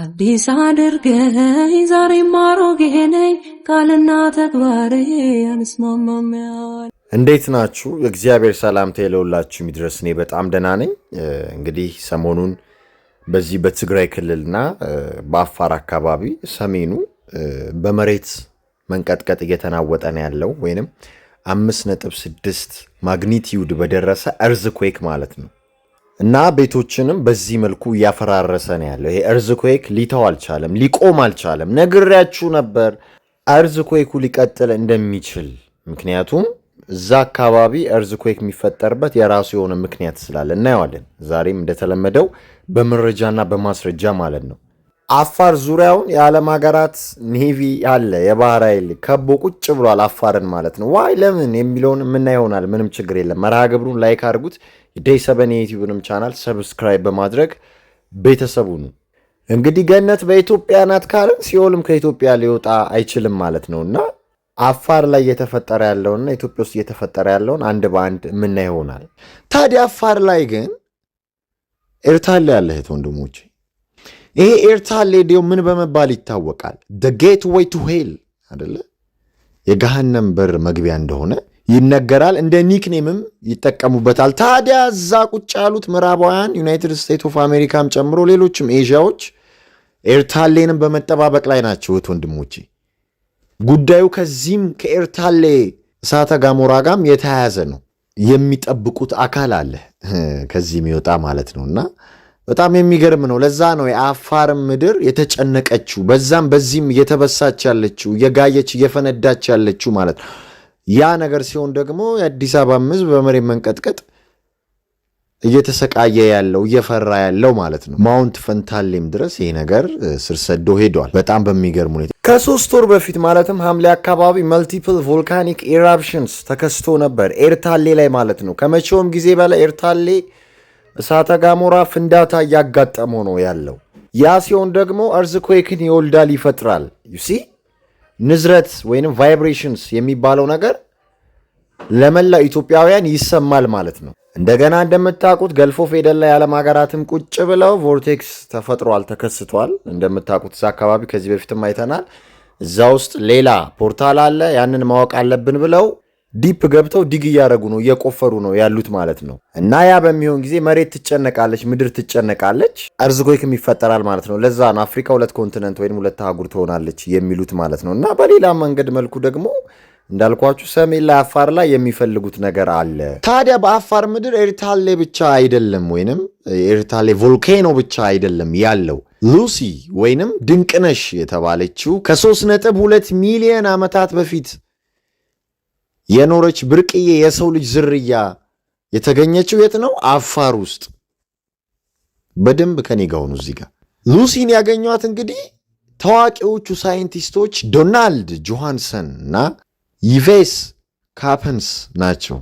አዲስ አድርገኝ ዛሬም አሮጌ ነኝ፣ ቃልና ተግባሬ አንስማማም። እንዴት ናችሁ? የእግዚአብሔር ሰላምታ ለሁላችሁ የሚድረስ። እኔ በጣም ደህና ነኝ። እንግዲህ ሰሞኑን በዚህ በትግራይ ክልልና በአፋር አካባቢ ሰሜኑ በመሬት መንቀጥቀጥ እየተናወጠ ነው ያለው ወይንም አምስት ነጥብ ስድስት ማግኒቲዩድ በደረሰ እርዝ ኩዌክ ማለት ነው እና ቤቶችንም በዚህ መልኩ እያፈራረሰ ነው ያለው። ይሄ እርዝኩዌክ ሊተው አልቻለም፣ ሊቆም አልቻለም። ነግሬያችሁ ነበር እርዝኩዌኩ ሊቀጥል እንደሚችል። ምክንያቱም እዛ አካባቢ እርዝኩዌክ የሚፈጠርበት የራሱ የሆነ ምክንያት ስላለ እናየዋለን። ዛሬም እንደተለመደው በመረጃና በማስረጃ ማለት ነው። አፋር ዙሪያውን የዓለም ሀገራት ኔቪ አለ፣ የባህር ኃይል ከቦ ቁጭ ብሏል አፋርን ማለት ነው። ዋይ ለምን የሚለውን የምና ይሆናል። ምንም ችግር የለም። መርሃ ግብሩን ላይክ አድርጉት። የዴይ ሰበን የዩቲዩብንም ቻናል ሰብስክራይብ በማድረግ ቤተሰቡ ነው። እንግዲህ ገነት በኢትዮጵያ ናት ካልን ሲኦልም ከኢትዮጵያ ሊወጣ አይችልም ማለት ነው እና አፋር ላይ እየተፈጠረ ያለውና ኢትዮጵያ ውስጥ እየተፈጠረ ያለውን አንድ በአንድ የምናይ ይሆናል። ታዲያ አፋር ላይ ግን ኤርታሌ ያለ እህት ወንድሞቼ፣ ይሄ ኤርታሌ ዲዮ ምን በመባል ይታወቃል? ጌት ዌይ ቱ ሄል አደለ የገሃነም በር መግቢያ እንደሆነ ይነገራል። እንደ ኒክኔምም ይጠቀሙበታል። ታዲያ እዛ ቁጭ ያሉት ምዕራባውያን ዩናይትድ ስቴትስ ኦፍ አሜሪካም ጨምሮ ሌሎችም ኤዥያዎች ኤርታሌንም በመጠባበቅ ላይ ናቸው። እህት ወንድሞቼ፣ ጉዳዩ ከዚህም ከኤርታሌ እሳተ ጋሞራ ጋም የተያያዘ ነው። የሚጠብቁት አካል አለ ከዚህ የሚወጣ ማለት ነው እና በጣም የሚገርም ነው። ለዛ ነው የአፋር ምድር የተጨነቀችው፣ በዛም በዚህም እየተበሳች ያለችው፣ እየጋየች እየፈነዳች ያለችው ማለት ነው። ያ ነገር ሲሆን ደግሞ የአዲስ አበባ ሕዝብ በመሬት መንቀጥቀጥ እየተሰቃየ ያለው እየፈራ ያለው ማለት ነው። ማውንት ፈንታሌም ድረስ ይህ ነገር ስር ሰዶ ሄዷል። በጣም በሚገርም ሁኔታ ከሶስት ወር በፊት ማለትም ሐምሌ አካባቢ መልቲፕል ቮልካኒክ ኢራፕሽንስ ተከስቶ ነበር፣ ኤርታሌ ላይ ማለት ነው። ከመቼውም ጊዜ በላይ ኤርታሌ እሳተ ጋሞራ ፍንዳታ እያጋጠመው ነው ያለው። ያ ሲሆን ደግሞ እርዝኩዌክን ይወልዳል፣ ይፈጥራል። ዩሲ ንዝረት ወይንም ቫይብሬሽንስ የሚባለው ነገር ለመላው ኢትዮጵያውያን ይሰማል ማለት ነው። እንደገና እንደምታውቁት ገልፎ ፌደል ላይ የዓለም ሀገራትም ቁጭ ብለው ቮርቴክስ ተፈጥሯል፣ ተከስቷል። እንደምታውቁት እዛ አካባቢ ከዚህ በፊትም አይተናል። እዛ ውስጥ ሌላ ፖርታል አለ፣ ያንን ማወቅ አለብን ብለው ዲፕ ገብተው ዲግ እያደረጉ ነው፣ እየቆፈሩ ነው ያሉት ማለት ነው። እና ያ በሚሆን ጊዜ መሬት ትጨነቃለች፣ ምድር ትጨነቃለች፣ እርዝጎይክም ይፈጠራል ማለት ነው። ለዛ አፍሪካ ሁለት ኮንቲነንት ወይም ሁለት አህጉር ትሆናለች የሚሉት ማለት ነው። እና በሌላ መንገድ መልኩ ደግሞ እንዳልኳችሁ ሰሜን ላይ አፋር ላይ የሚፈልጉት ነገር አለ። ታዲያ በአፋር ምድር ኤርታሌ ብቻ አይደለም ወይንም ኤርታሌ ቮልኬኖ ብቻ አይደለም ያለው። ሉሲ ወይንም ድንቅነሽ የተባለችው ከ3.2 ሚሊዮን ዓመታት በፊት የኖረች ብርቅዬ የሰው ልጅ ዝርያ የተገኘችው የት ነው? አፋር ውስጥ። በደንብ ከኔ ጋር እዚህ ጋር ሉሲን ያገኟት እንግዲህ ታዋቂዎቹ ሳይንቲስቶች ዶናልድ ጆሃንሰን እና ይቬስ ካፐንስ ናቸው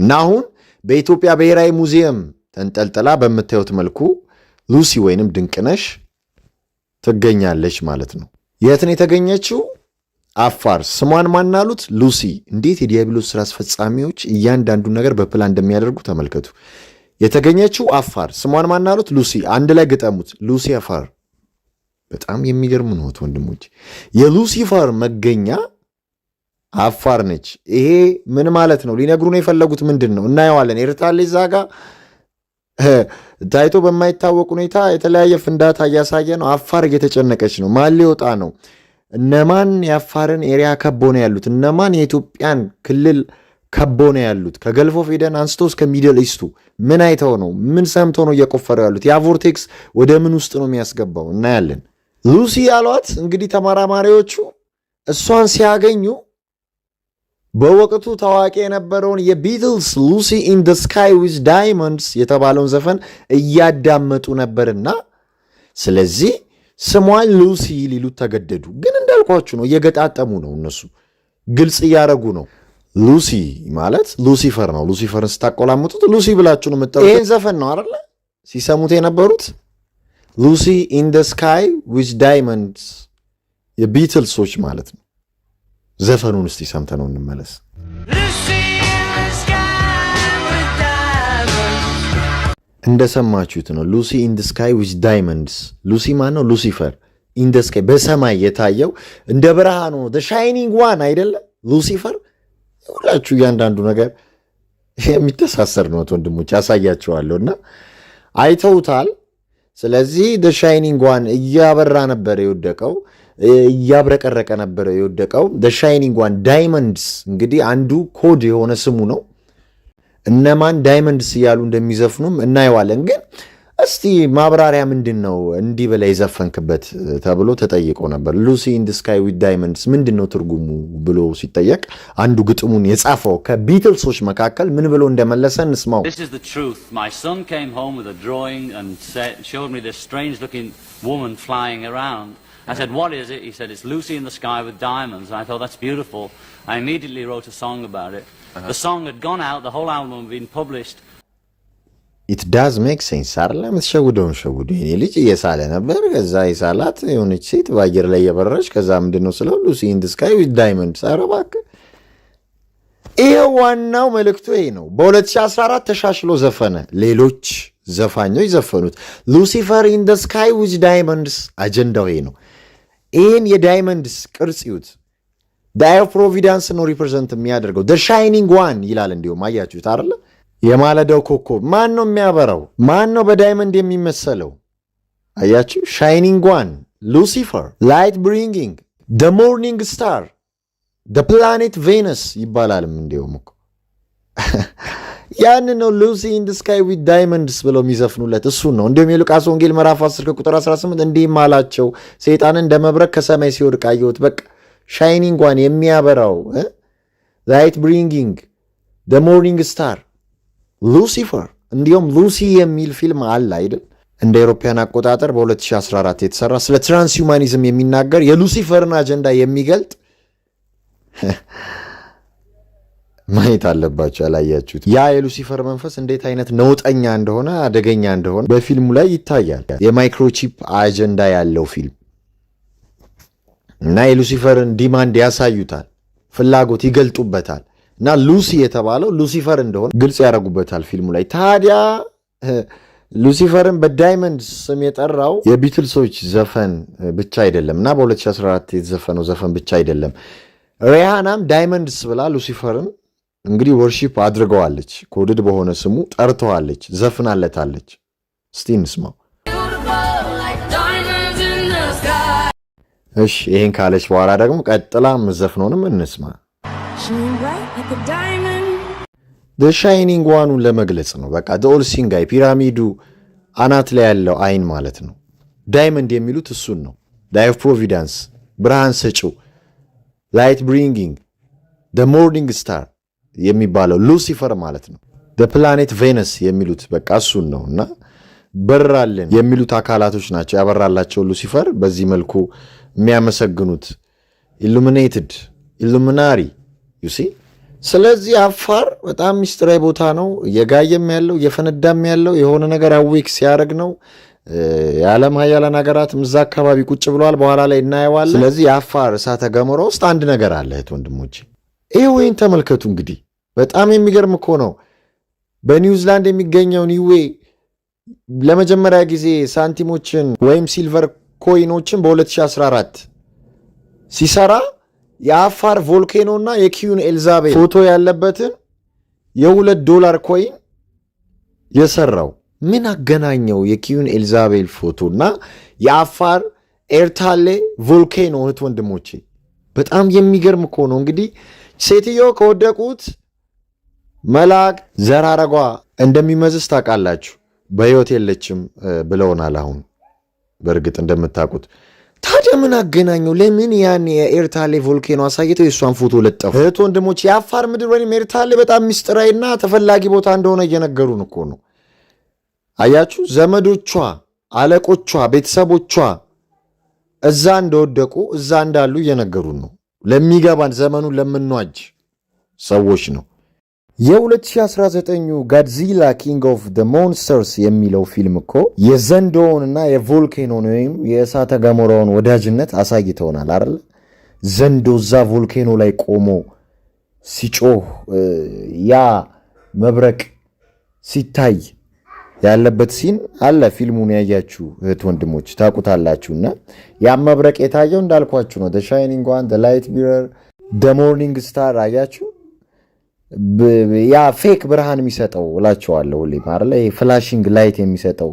እና አሁን በኢትዮጵያ ብሔራዊ ሙዚየም ተንጠልጥላ በምታዩት መልኩ ሉሲ ወይንም ድንቅነሽ ትገኛለች ማለት ነው። የት ነው የተገኘችው? አፋር። ስሟን ማናሉት? ሉሲ። እንዴት የዲያብሎስ ስራ አስፈጻሚዎች እያንዳንዱን ነገር በፕላን እንደሚያደርጉ ተመልከቱ። የተገኘችው አፋር። ስሟን ማናሉት? ሉሲ። አንድ ላይ ግጠሙት፣ ሉሲ አፋር። በጣም የሚገርም ነት ወንድሞች። የሉሲፈር መገኛ አፋር ነች። ይሄ ምን ማለት ነው? ሊነግሩን የፈለጉት ምንድን ነው? እናየዋለን። ኤርታሌ እዛ ጋ ታይቶ በማይታወቅ ሁኔታ የተለያየ ፍንዳታ እያሳየ ነው። አፋር እየተጨነቀች ነው። ማን ሊወጣ ነው? እነማን የአፋርን ኤሪያ ከቦ ነው ያሉት? እነማን የኢትዮጵያን ክልል ከቦ ነው ያሉት? ከገልፎ ፌደን አንስቶ እስከ ሚድል ኢስቱ ምን አይተው ነው? ምን ሰምተው ነው እየቆፈረው ያሉት? ያ ቮርቴክስ ወደ ምን ውስጥ ነው የሚያስገባው? እናያለን። ሉሲ ያሏት እንግዲህ ተመራማሪዎቹ እሷን ሲያገኙ በወቅቱ ታዋቂ የነበረውን የቢትልስ ሉሲ ኢን ደ ስካይ ዊዝ ዳይመንድስ የተባለውን ዘፈን እያዳመጡ ነበርና ስለዚህ ስሟን ሉሲ ሊሉት ተገደዱ። ግን እንዳልኳችሁ ነው፣ እየገጣጠሙ ነው፣ እነሱ ግልጽ እያደረጉ ነው። ሉሲ ማለት ሉሲፈር ነው። ሉሲፈርን ስታቆላምጡት ሉሲ ብላችሁ ነው የምጠሩት። ይህን ዘፈን ነው አይደለ ሲሰሙት የነበሩት ሉሲ ኢን ደ ስካይ ዊዝ ዳይመንድስ የቢትልሶች ማለት ነው። ዘፈኑን እስቲ ሰምተነው እንመለስ። እንደሰማችሁት ነው። ሉሲ ኢን ስካይ ዊዝ ዳይመንድስ። ሉሲ ማን ነው? ሉሲፈር ኢን በሰማይ የታየው እንደ ብርሃኑ ነው። ሻይኒንግ ዋን አይደለም ሉሲፈር። ሁላችሁ እያንዳንዱ ነገር የሚተሳሰር ነው። ወንድሞች ያሳያቸዋለሁ እና አይተውታል። ስለዚህ ሻይኒንግ ዋን እያበራ ነበር የወደቀው እያብረቀረቀ ነበረ የወደቀው። ሻይኒንግ ዋን ዳይመንድስ እንግዲህ አንዱ ኮድ የሆነ ስሙ ነው። እነማን ዳይመንድስ እያሉ እንደሚዘፍኑም እናየዋለን። ግን እስቲ ማብራሪያ ምንድን ነው እንዲህ በላይ የዘፈንክበት ተብሎ ተጠይቆ ነበር። ሉሲ ኢን ዘ ስካይ ዊዝ ዳይመንድስ ምንድን ነው ትርጉሙ ብሎ ሲጠየቅ አንዱ ግጥሙን የጻፈው ከቢትልሶች መካከል ምን ብሎ እንደመለሰ እንስማው። I said, what is it? He said, it's Lucy in the Sky with Diamonds. And I thought, that's beautiful. I immediately wrote a song about it. Uh -huh. The song had gone out, the whole album had been published. ኢት ዳዝ ሜክ ሴንስ አለ። የምትሸውደውን ሸውዱ። የኔ ልጅ እየሳለ ነበር። ከዛ የሳላት የሆነች ሴት በአየር ላይ እየበረረች ከዛ ምንድን ነው ስለው ሉሲ ኢን ዘ ስካይ ዊዝ ዳይመንድስ። ኧረ እባክህ ይሄ ዋናው መልእክቱ ይሄ ነው። በ2014 ተሻሽሎ ዘፈነ። ሌሎች ዘፋኞች ዘፈኑት። ሉሲፈር ኢን ዘ ስካይ ዊዝ ዳይመንድስ አጀንዳው ይሄ ነው። ይህን የዳይመንድስ ቅርጽ ይዩት። ዳይ ኦፍ ፕሮቪዳንስ ነው ሪፕሬዘንት የሚያደርገው ደ ሻይኒንግ ዋን ይላል። እንዲሁም አያችሁት አይደለ? የማለዳው ኮከብ ማን ነው የሚያበራው? ማን ነው በዳይመንድ የሚመሰለው? አያችሁ? ሻይኒንግ ዋን ሉሲፈር፣ ላይት ብሪንጊንግ፣ ደ ሞርኒንግ ስታር፣ ደ ፕላኔት ቬነስ ይባላልም እንዲሁም እኮ ያን ነው ሉሲ ኢን ዘ ስካይ ዊዝ ዳይመንድስ ብለው የሚዘፍኑለት እሱን ነው። እንዲሁም የሉቃስ ወንጌል ምዕራፍ 10 ከቁጥር 18 እንዲህም አላቸው ሰይጣንን እንደ መብረቅ ከሰማይ ሲወድቅ አየሁት። በቃ ዋን የሚያበራው ላይት ብሪንጊንግ ደ ሞርኒንግ ስታር ሉሲፈር። እንዲሁም ሉሲ የሚል ፊልም አለ አይደል? እንደ ኤሮፓያን አቆጣጠር በ2014 የተሰራ ስለ ትራንስ የሚናገር የሉሲፈርን አጀንዳ የሚገልጥ ማየት አለባቸው። ያላያችሁት ያ የሉሲፈር መንፈስ እንዴት አይነት ነውጠኛ እንደሆነ አደገኛ እንደሆነ በፊልሙ ላይ ይታያል። የማይክሮቺፕ አጀንዳ ያለው ፊልም እና የሉሲፈርን ዲማንድ ያሳዩታል፣ ፍላጎት ይገልጡበታል እና ሉሲ የተባለው ሉሲፈር እንደሆነ ግልጽ ያደርጉበታል ፊልሙ ላይ ታዲያ ሉሲፈርን በዳይመንድ ስም የጠራው የቢትልሶች ዘፈን ብቻ አይደለም እና በ2014 የተዘፈነው ዘፈን ብቻ አይደለም። ሪሃናም ዳይመንድስ ብላ ሉሲፈርን እንግዲህ ወርሺፕ አድርገዋለች፣ ኮድድ በሆነ ስሙ ጠርተዋለች፣ ዘፍናለታለች። እስቲ እንስማው። እሺ ይህን ካለች በኋላ ደግሞ ቀጥላ ምዘፍኖንም እንስማ። ሻይኒንግ ዋኑን ለመግለጽ ነው። በቃ ኦል ፒራሚዱ አናት ላይ ያለው አይን ማለት ነው። ዳይመንድ የሚሉት እሱን ነው። ዳይ ኦፍ ብርሃን ሰጪው፣ ላይት ብሪንጊንግ፣ ሞርኒንግ ስታር የሚባለው ሉሲፈር ማለት ነው። ፕላኔት ቬነስ የሚሉት በቃ እሱን ነው እና በራልን የሚሉት አካላቶች ናቸው ያበራላቸው ሉሲፈር በዚህ መልኩ የሚያመሰግኑት ኢሉሚኔትድ ኢሉሚናሪ ዩሲ። ስለዚህ አፋር በጣም ሚስጥራዊ ቦታ ነው። እየጋየም ያለው እየፈነዳም ያለው የሆነ ነገር አዌክ ሲያደርግ ነው። የዓለም ሀያላን ሀገራት እዛ አካባቢ ቁጭ ብለዋል። በኋላ ላይ እናየዋለን። ስለዚህ የአፋር እሳተ ገሞራ ውስጥ አንድ ነገር አለ እህት ወንድሞቼ ይህ ወይን ተመልከቱ እንግዲህ በጣም የሚገርም እኮ ነው። በኒውዚላንድ የሚገኘው ኒዌ ለመጀመሪያ ጊዜ ሳንቲሞችን ወይም ሲልቨር ኮይኖችን በ2014 ሲሰራ የአፋር ቮልኬኖ እና የኪዩን ኤልዛቤ ፎቶ ያለበትን የሁለት ዶላር ኮይን የሰራው ምን አገናኘው? የኪዩን ኤልዛቤል ፎቶ እና የአፋር ኤርታሌ ቮልኬኖ እህት ወንድሞቼ፣ በጣም የሚገርም እኮ ነው እንግዲህ ሴትዮ ከወደቁት መልአክ ዘራረጓ እንደሚመዝስ ታውቃላችሁ። በሕይወት የለችም ብለውናል። አሁን በእርግጥ እንደምታውቁት ታዲያ ምን አገናኘው? ለምን ያን የኤርታሌ ቮልኬኖ አሳይተው የእሷን ፎቶ ለጠፉ? እህት ወንድሞች፣ የአፋር ምድር ወይም ኤርታሌ በጣም ሚስጥራዊና ተፈላጊ ቦታ እንደሆነ እየነገሩን እኮ ነው። አያችሁ፣ ዘመዶቿ፣ አለቆቿ፣ ቤተሰቦቿ እዛ እንደወደቁ እዛ እንዳሉ እየነገሩን ነው። ለሚገባን ዘመኑን ለምንዋጅ ሰዎች ነው። የ2019 ጋድዚላ ኪንግ ኦፍ ደ ሞንስተርስ የሚለው ፊልም እኮ እና የቮልኬኖን ወይም የእሳተ ገሞራውን ወዳጅነት አሳይተውናል አይደል? ዘንዶ እዛ ቮልኬኖ ላይ ቆሞ ሲጮህ ያ መብረቅ ሲታይ ያለበት ሲን አለ። ፊልሙን ያያችሁ እህት ወንድሞች ታውቁታላችሁ። እና ያም መብረቅ የታየው እንዳልኳችሁ ነው። ሻይኒንግ ዋን፣ ላይት ሚረር፣ ሞርኒንግ ስታር አያችሁ። ያ ፌክ ብርሃን የሚሰጠው እላቸዋለሁ ሁሌ ፍላሽንግ ላይት የሚሰጠው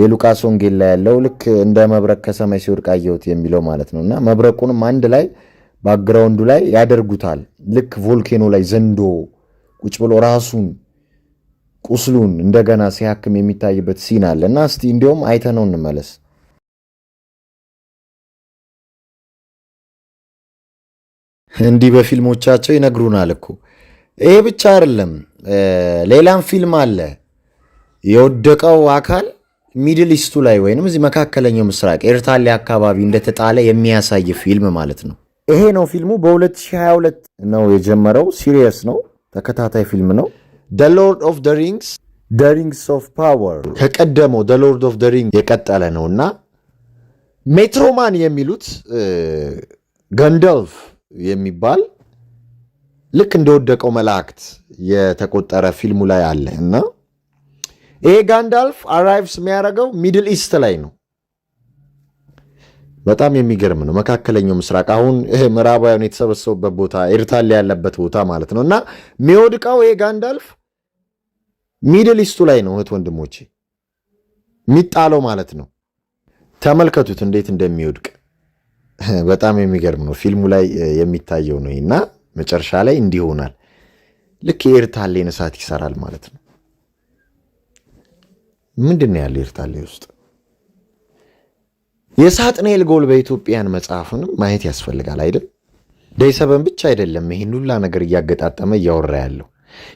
የሉቃስ ወንጌል ላይ ያለው ልክ እንደ መብረቅ ከሰማይ ሲወድቅ አየሁት የሚለው ማለት ነው። እና መብረቁንም አንድ ላይ ባክግራውንዱ ላይ ያደርጉታል። ልክ ቮልኬኖ ላይ ዘንዶ ቁጭ ብሎ ራሱን ቁስሉን እንደገና ሲያክም የሚታይበት ሲን አለ እና እስቲ እንዲያውም አይተነው እንመለስ። እንዲህ በፊልሞቻቸው ይነግሩናል እኮ። ይሄ ብቻ አይደለም፣ ሌላም ፊልም አለ። የወደቀው አካል ሚድል ኢስቱ ላይ ወይንም እዚህ መካከለኛው ምስራቅ ኤርታሌ አካባቢ እንደተጣለ የሚያሳይ ፊልም ማለት ነው። ይሄ ነው ፊልሙ። በ2022 ነው የጀመረው። ሲሪየስ ነው፣ ተከታታይ ፊልም ነው። ሎርድ ኦፍ ደ ሪንግስ ደ ሪንግስ ኦፍ ፓወር ከቀደመው ደ ሎርድ ኦፍ ደ ሪንግ የቀጠለ ነው እና ሜትሮማን የሚሉት ገንደልፍ የሚባል ልክ እንደወደቀው መላእክት የተቆጠረ ፊልሙ ላይ አለ እና ይሄ ጋንዳልፍ አራይቭስ የሚያደርገው ሚድል ኢስት ላይ ነው። በጣም የሚገርም ነው። መካከለኛው ምስራቅ አሁን ይሄ ምዕራባውያን የተሰበሰቡበት ቦታ ኤርታሌ ያለበት ቦታ ማለት ነው እና የሚወድቀው ይሄ ጋንዳልፍ ሚድል ኢስቱ ላይ ነው እህት ወንድሞቼ የሚጣለው ማለት ነው። ተመልከቱት እንዴት እንደሚወድቅ በጣም የሚገርም ነው። ፊልሙ ላይ የሚታየው ነው እና መጨረሻ ላይ እንዲህ ይሆናል። ልክ የኤርታሌን እሳት ይሰራል ማለት ነው። ምንድን ነው ያለው ኤርታሌ ውስጥ? የሳጥናኤል ጎል በኢትዮጵያን መጽሐፍንም ማየት ያስፈልጋል አይደል? ደይሰበን ብቻ አይደለም ይህን ሁላ ነገር እያገጣጠመ እያወራ ያለው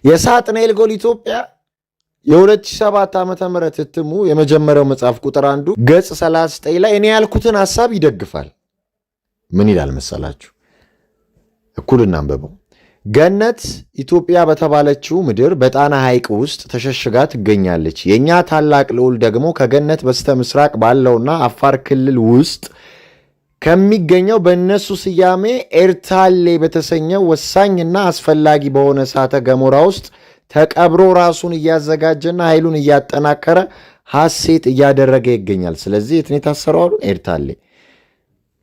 የሳጥናኤል ጎል ኢትዮጵያ የ2007 ዓ ም እትሙ የመጀመሪያው መጽሐፍ ቁጥር አንዱ ገጽ 39 ላይ እኔ ያልኩትን ሐሳብ ይደግፋል። ምን ይላል መሰላችሁ? እኩል እናንብበው። ገነት ኢትዮጵያ በተባለችው ምድር በጣና ሐይቅ ውስጥ ተሸሽጋ ትገኛለች። የእኛ ታላቅ ልዑል ደግሞ ከገነት በስተ ምስራቅ ባለውና አፋር ክልል ውስጥ ከሚገኘው በእነሱ ስያሜ ኤርታሌ በተሰኘው ወሳኝና አስፈላጊ በሆነ እሳተ ገሞራ ውስጥ ተቀብሮ ራሱን እያዘጋጀና ኃይሉን እያጠናከረ ሐሴት እያደረገ ይገኛል። ስለዚህ የት ነው የታሰረው አሉን? ኤርታሌ።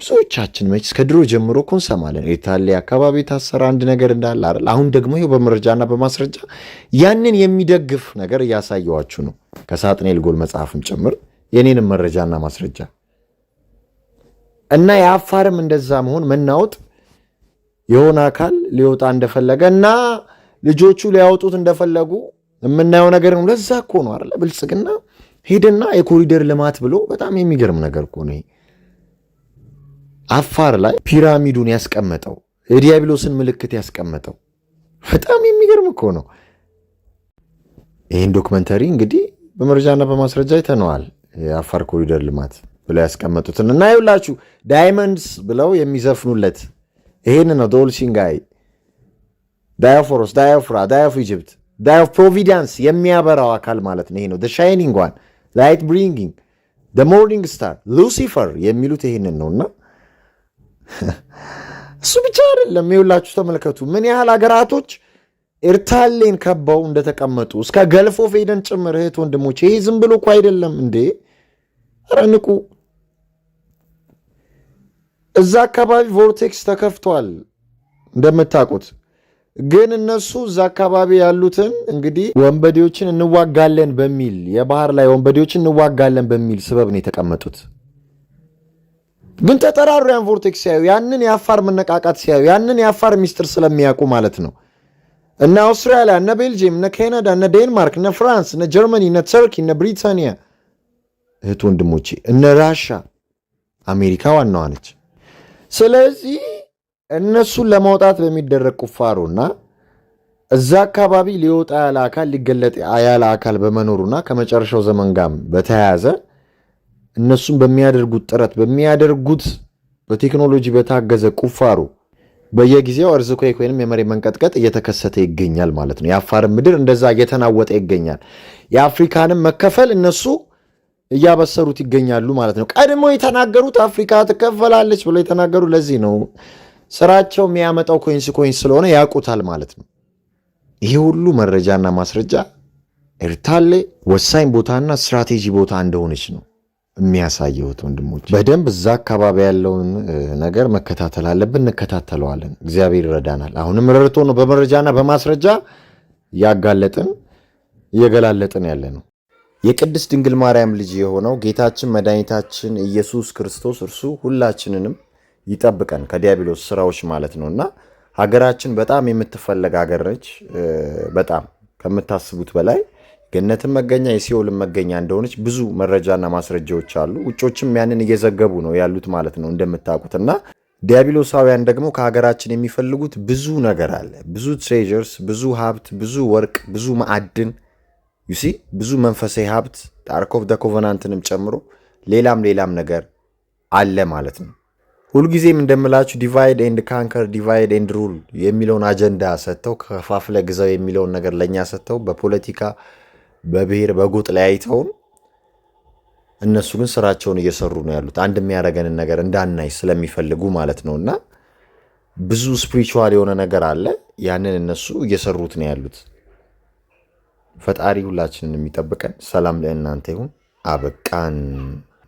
ብዙዎቻችን መች ከድሮ ጀምሮ እኮ እንሰማለን፣ ኤርታሌ አካባቢ የታሰረ አንድ ነገር እንዳለ አይደል? አሁን ደግሞ ይኸው በመረጃና በማስረጃ ያንን የሚደግፍ ነገር እያሳየዋችሁ ነው። ከሳጥኔል ጎል መጽሐፍም ጭምር የኔንም መረጃና ማስረጃ እና የአፋርም እንደዛ መሆን መናወጥ የሆነ አካል ሊወጣ እንደፈለገ እና ልጆቹ ሊያወጡት እንደፈለጉ የምናየው ነገር ነው። ለዛ እኮ ነው አለ ብልጽግና ሄደና የኮሪደር ልማት ብሎ በጣም የሚገርም ነገር እኮ ነው። አፋር ላይ ፒራሚዱን ያስቀመጠው የዲያብሎስን ምልክት ያስቀመጠው በጣም የሚገርም እኮ ነው። ይህን ዶክመንተሪ እንግዲህ በመረጃና በማስረጃ ይተነዋል። የአፋር ኮሪደር ልማት ብለው ያስቀመጡትን እና ይውላችሁ ዳይመንድስ ብለው የሚዘፍኑለት ይህን ነው ዶልሲንጋይ ዳያፎሮስ፣ ዳያፍራ፣ ዳያፍ ኢጅፕት፣ ዳያፍ ፕሮቪደንስ የሚያበራው አካል ማለት ነው። ይሄ ነው ሻይኒንግ ዋን፣ ላይት ብሪንጊንግ፣ ሞርኒንግ ስታር፣ ሉሲፈር የሚሉት ይህንን ነው እና እሱ ብቻ አይደለም። የሁላችሁ ተመልከቱ ምን ያህል ሀገራቶች ኤርታሌን ከበው እንደተቀመጡ እስከ ገልፎ ፌደን ጭምር። እህት ወንድሞች፣ ይሄ ዝም ብሎ እኮ አይደለም እንዴ! ኧረ ንቁ! እዛ አካባቢ ቮርቴክስ ተከፍቷል እንደምታውቁት ግን እነሱ እዛ አካባቢ ያሉትን እንግዲህ ወንበዴዎችን እንዋጋለን በሚል የባህር ላይ ወንበዴዎችን እንዋጋለን በሚል ስበብ ነው የተቀመጡት። ግን ተጠራሩ። ያን ቮርቴክስ ሲያዩ ያንን የአፋር መነቃቃት ሲያዩ ያንን የአፋር ሚስጥር ስለሚያውቁ ማለት ነው እነ አውስትራሊያ፣ እነ ቤልጅየም፣ እነ ካናዳ፣ እነ ዴንማርክ፣ እነ ፍራንስ፣ እነ ጀርመኒ፣ እነ ተርኪ፣ እነ ብሪታንያ እህት ወንድሞቼ፣ እነ ራሻ አሜሪካ ዋናዋ ነች። ስለዚህ እነሱን ለማውጣት በሚደረግ ቁፋሮና እዛ አካባቢ ሊወጣ ያለ አካል ሊገለጥ ያለ አካል በመኖሩና ከመጨረሻው ዘመን ጋር በተያያዘ እነሱን በሚያደርጉት ጥረት በሚያደርጉት በቴክኖሎጂ በታገዘ ቁፋሮ በየጊዜው እርዝኮክ ወይም የመሬት መንቀጥቀጥ እየተከሰተ ይገኛል ማለት ነው። የአፋርን ምድር እንደዛ እየተናወጠ ይገኛል። የአፍሪካንም መከፈል እነሱ እያበሰሩት ይገኛሉ ማለት ነው። ቀድሞ የተናገሩት አፍሪካ ትከፈላለች ብሎ የተናገሩ ለዚህ ነው ስራቸው የሚያመጣው ኮይንስ ኮይንስ ስለሆነ ያውቁታል ማለት ነው። ይሄ ሁሉ መረጃና ማስረጃ ኤርታሌ ወሳኝ ቦታና ስትራቴጂ ቦታ እንደሆነች ነው የሚያሳየውት። ወንድሞች በደንብ እዛ አካባቢ ያለውን ነገር መከታተል አለብን፣ እንከታተለዋለን። እግዚአብሔር ይረዳናል። አሁንም ረድቶ ነው በመረጃና በማስረጃ ያጋለጥን እየገላለጥን ያለ ነው። የቅድስት ድንግል ማርያም ልጅ የሆነው ጌታችን መድኃኒታችን ኢየሱስ ክርስቶስ እርሱ ሁላችንንም ይጠብቀን ከዲያብሎስ ስራዎች ማለት ነው። እና ሀገራችን በጣም የምትፈለግ ሀገር ነች። በጣም ከምታስቡት በላይ ገነትን መገኛ የሲኦልን መገኛ እንደሆነች ብዙ መረጃና ማስረጃዎች አሉ። ውጮችም ያንን እየዘገቡ ነው ያሉት ማለት ነው እንደምታውቁት። እና ዲያብሎሳውያን ደግሞ ከሀገራችን የሚፈልጉት ብዙ ነገር አለ። ብዙ ትሬዠርስ፣ ብዙ ሀብት፣ ብዙ ወርቅ፣ ብዙ ማዕድን ዩሲ ብዙ መንፈሳዊ ሀብት አርክ ኦፍ ኮቨናንትንም ጨምሮ ሌላም ሌላም ነገር አለ ማለት ነው። ሁልጊዜም እንደምላችሁ ዲቫይድ ኤንድ ካንከር ዲቫይድ ኤንድ ሩል የሚለውን አጀንዳ ሰጥተው ከፋፍለ ግዛው የሚለውን ነገር ለእኛ ሰጥተው በፖለቲካ በብሔር በጎጥ አይተውን እነሱ ግን ስራቸውን እየሰሩ ነው ያሉት። አንድ የሚያደርገንን ነገር እንዳናይ ስለሚፈልጉ ማለት ነው። እና ብዙ ስፕሪቹዋል የሆነ ነገር አለ። ያንን እነሱ እየሰሩት ነው ያሉት። ፈጣሪ ሁላችንን የሚጠብቀን። ሰላም ለእናንተ ይሁን። አበቃን።